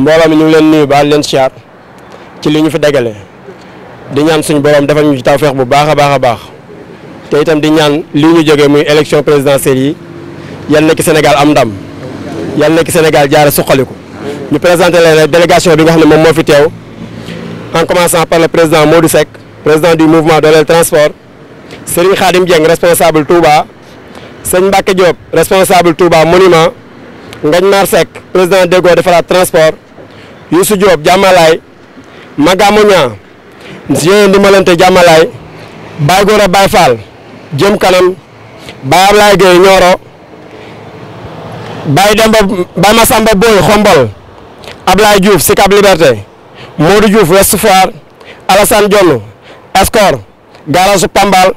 mbooloo mi ñu ngi leen nuyu baal leen siyaar ci li ñu fi dagale di ñaan suñu borom defal ñu ci tawfeex bu baax a baax a baax te itam di ñaan li ñu jógee muy élection présidentielle yi yal na ci Sénégal am ndam yal na ci Sénégal jaare suqaliku ñu présenté la délégation bi nga xam ne moom moo fi teew en commençant par le président Modou Seck président du mouvement Dolel Transport Serigne Khadim Dieng responsable Touba sëñ Mbacke Diop responsable Touba monument Ngagne Mar Seck président Deggo defaraat transport Youssou Diop jàmmalaay Magamu Ñaa yéen dimbalante jàmmalaay Baye Gora Baye Fall jëm kanam Baye Ablaye Gueye Nioro Baye Demba Baye Massamba Boy Xombol Ablaye Diouf Sicap Liberté Modou Diouf Ouest Foire Alassane Dione Escort garage Pambal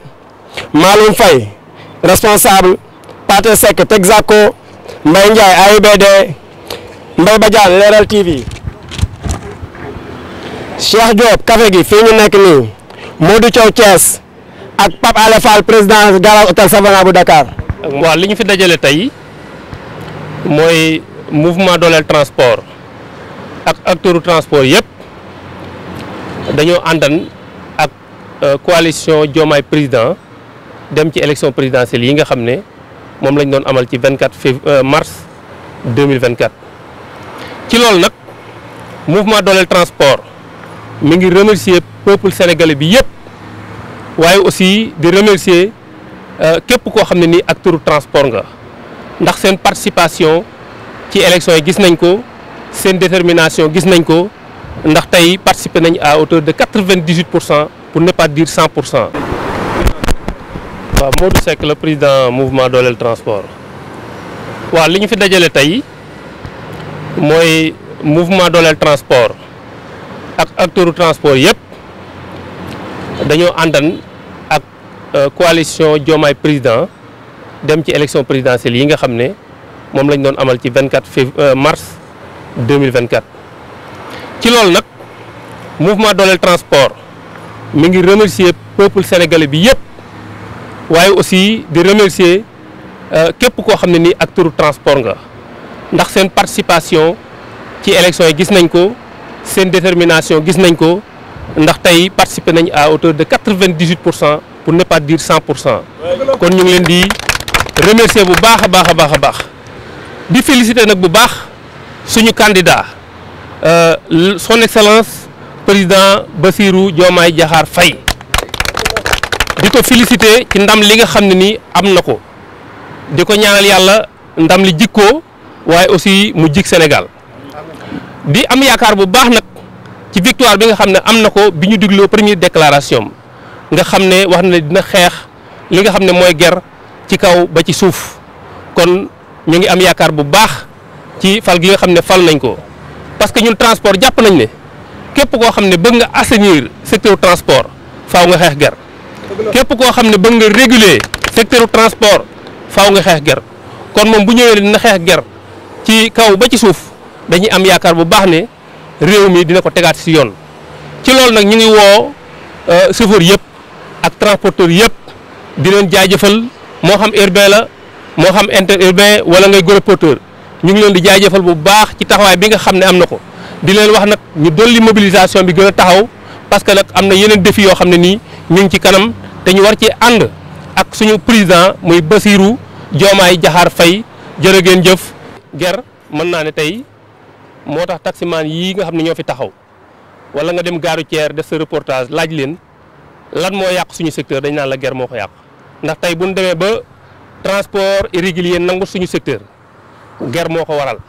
Maloum Faye responsable Pathé Seck Texaco Mbaye Ndiaye AIBD Mbaye Badiane TV Cheikh Diop café gi fii ñu nekk nii Modou Thiaw Thiès ak Pape Alé Fall président garage hôtel Savana bu Dakar. waaw li ñu fi dajale tey mooy mouvement dooleel transport ak acteuru transport yëpp dañoo àndan ak euh, coalition Diomaye président. dem ci élection présidentielle yi nga xam ne moom lañu doon amal ci 24 fév euh, mars 2024. ci loolu nag mouvement dooleel transport mu ngi remercier peuple sénégalais bi yëpp waaye aussi di remercier euh, képp koo xam ne nii acteur transport nga ndax seen participation ci élection yi gis nañ ko seen détermination gis nañ ko ndax tey participer nañ à hauteur de 98 pour cent pour ne pas dire pour cent. waa moo Modou Seck la président mouvement dooleel transport waaw li ñu fi dajale tey mooy mouvement dooleel transport ak acteuru transport yëpp dañoo àndan ak euh, coalition Diomaye président dem ci élection présidentielle yi nga xam ne moom lañ doon amal ci 24 fév euh, mars 2024 ci loolu nag mouvement dooleel transport mu ngi remercier peuple sénégalais bi yëpp waaye aussi di remercier euh, képp koo xam ne nii acteur transport nga ndax seen participation ci élection yi gis nañ ko seen détermination gis nañ ko ndax tey participer nañ à hauteur de quatre-vingt-dix-huit pour cent pour ne pas dire cent pour cent kon ñu ngi leen di remercier bu baax a baax a baax a baax di féliciter nag bu baax suñu candidat euh, son excellence président Bassirou Diomaye Diakhar Faye di ko féliciter ndam li nga xam ne nii am na ko di ko ñaanal yàlla ndam li jikkoo waaye aussi mu Sénégal di am yaakaar bu baax nag ci victoire bi nga xam ne am na ko bi ñu digloo première déclaration nga xam ne wax na dina xeex li nga xam ne mooy ger ci kaw ba ci suuf kon ñu ngi am yaakaar bu baax ci fal gi nga xam ne fal nañ ko parce que ñun transport jàpp nañ ne képp koo xam ne bëgg nga assainir secteur transport faw nga xeex ger képp koo xam ne bëgg nga réguler secteur transport faw nga xeex ger kon moom bu ñëwee dina xeex ger ci kaw ba ci suuf dañuy am yaakaar bu baax ne réew mi dina ko tegaat si yoon ci loolu nag ñu ngi woo euh, chauffeur yëpp ak transporteur yëpp di leen jaajëfal moo xam urbain la moo xam inter urbain wala ngay gros porteur ñu ngi leen di jaajëfal bu baax ci taxawaay bi nga xam ne am na ko di leen wax nag ñu dolli mobilisation bi gën a taxaw parce que nag am na yeneen défi yoo xam ne nii ñu ci kanam te ñu war ci ànd ak suñu président muy Basirou Diomaye Diakhar fay jërë ngeen jëf ger mën naa ne tey moo tax taximaan yii nga xam ne ñoo fi taxaw wala nga dem gaaru Thier def sa reportage laaj leen lan moo yàq suñu secteur dañ naan la ger moo ko yàq ndax tey bu ñu demee ba transport irrégulier nangu suñu secteur ger moo ko waral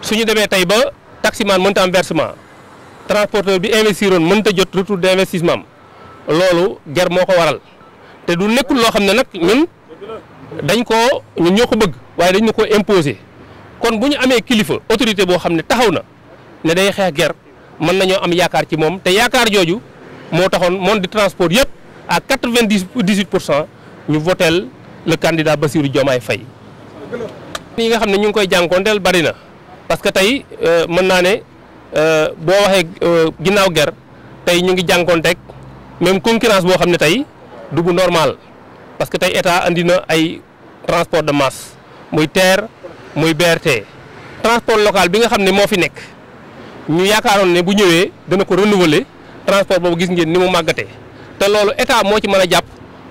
suñu demee tey ba taximaan mënta am versement transporteur bi investiroon mënta jot retour d'investissement loolu ger moo ko waral te du nekkul loo xam ne nag ñun dañ ko ñun ñoo ko bëgg waaye dañ ñu ko imposer kon bu ñu amee kilifa autorité boo xam ne taxaw na ne day xeex ger mën nañoo am yaakaar ci moom te yaakaar jooju moo taxoon moom di transport yëpp à quatre-vingt-dix-huit pour cent ñu voteel le candidat Bassirou Diomaye Faye yi nga xam ne ñu ngi koy jànkoonteel bari na parce que tey euh, mën naa ne euh, boo waxee euh, ginnaaw ger tey ñu ngi jànkoonteeg même concurrence boo xam ne tey dugg normal parce que tey état andi ay transport de masse muy TER muy BRT. transport local bi nga xam ne moo fi nekk ñu yaakaaroon ne bu ñëwee dana ko renouveler transport boobu gis ngeen ni mu màggatee te loolu état moo ci mën a jàpp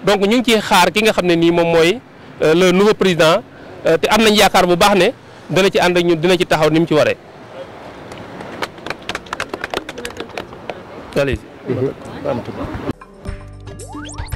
donc ñu ngi ciy xaar ki nga xam ne nii moom mooy euh, le nouveau président euh, te am nañ yaakaar bu baax ne dana ci ànd ak ñun dina ci taxaw ni mu ci waree. allez mm-hmm. bant ba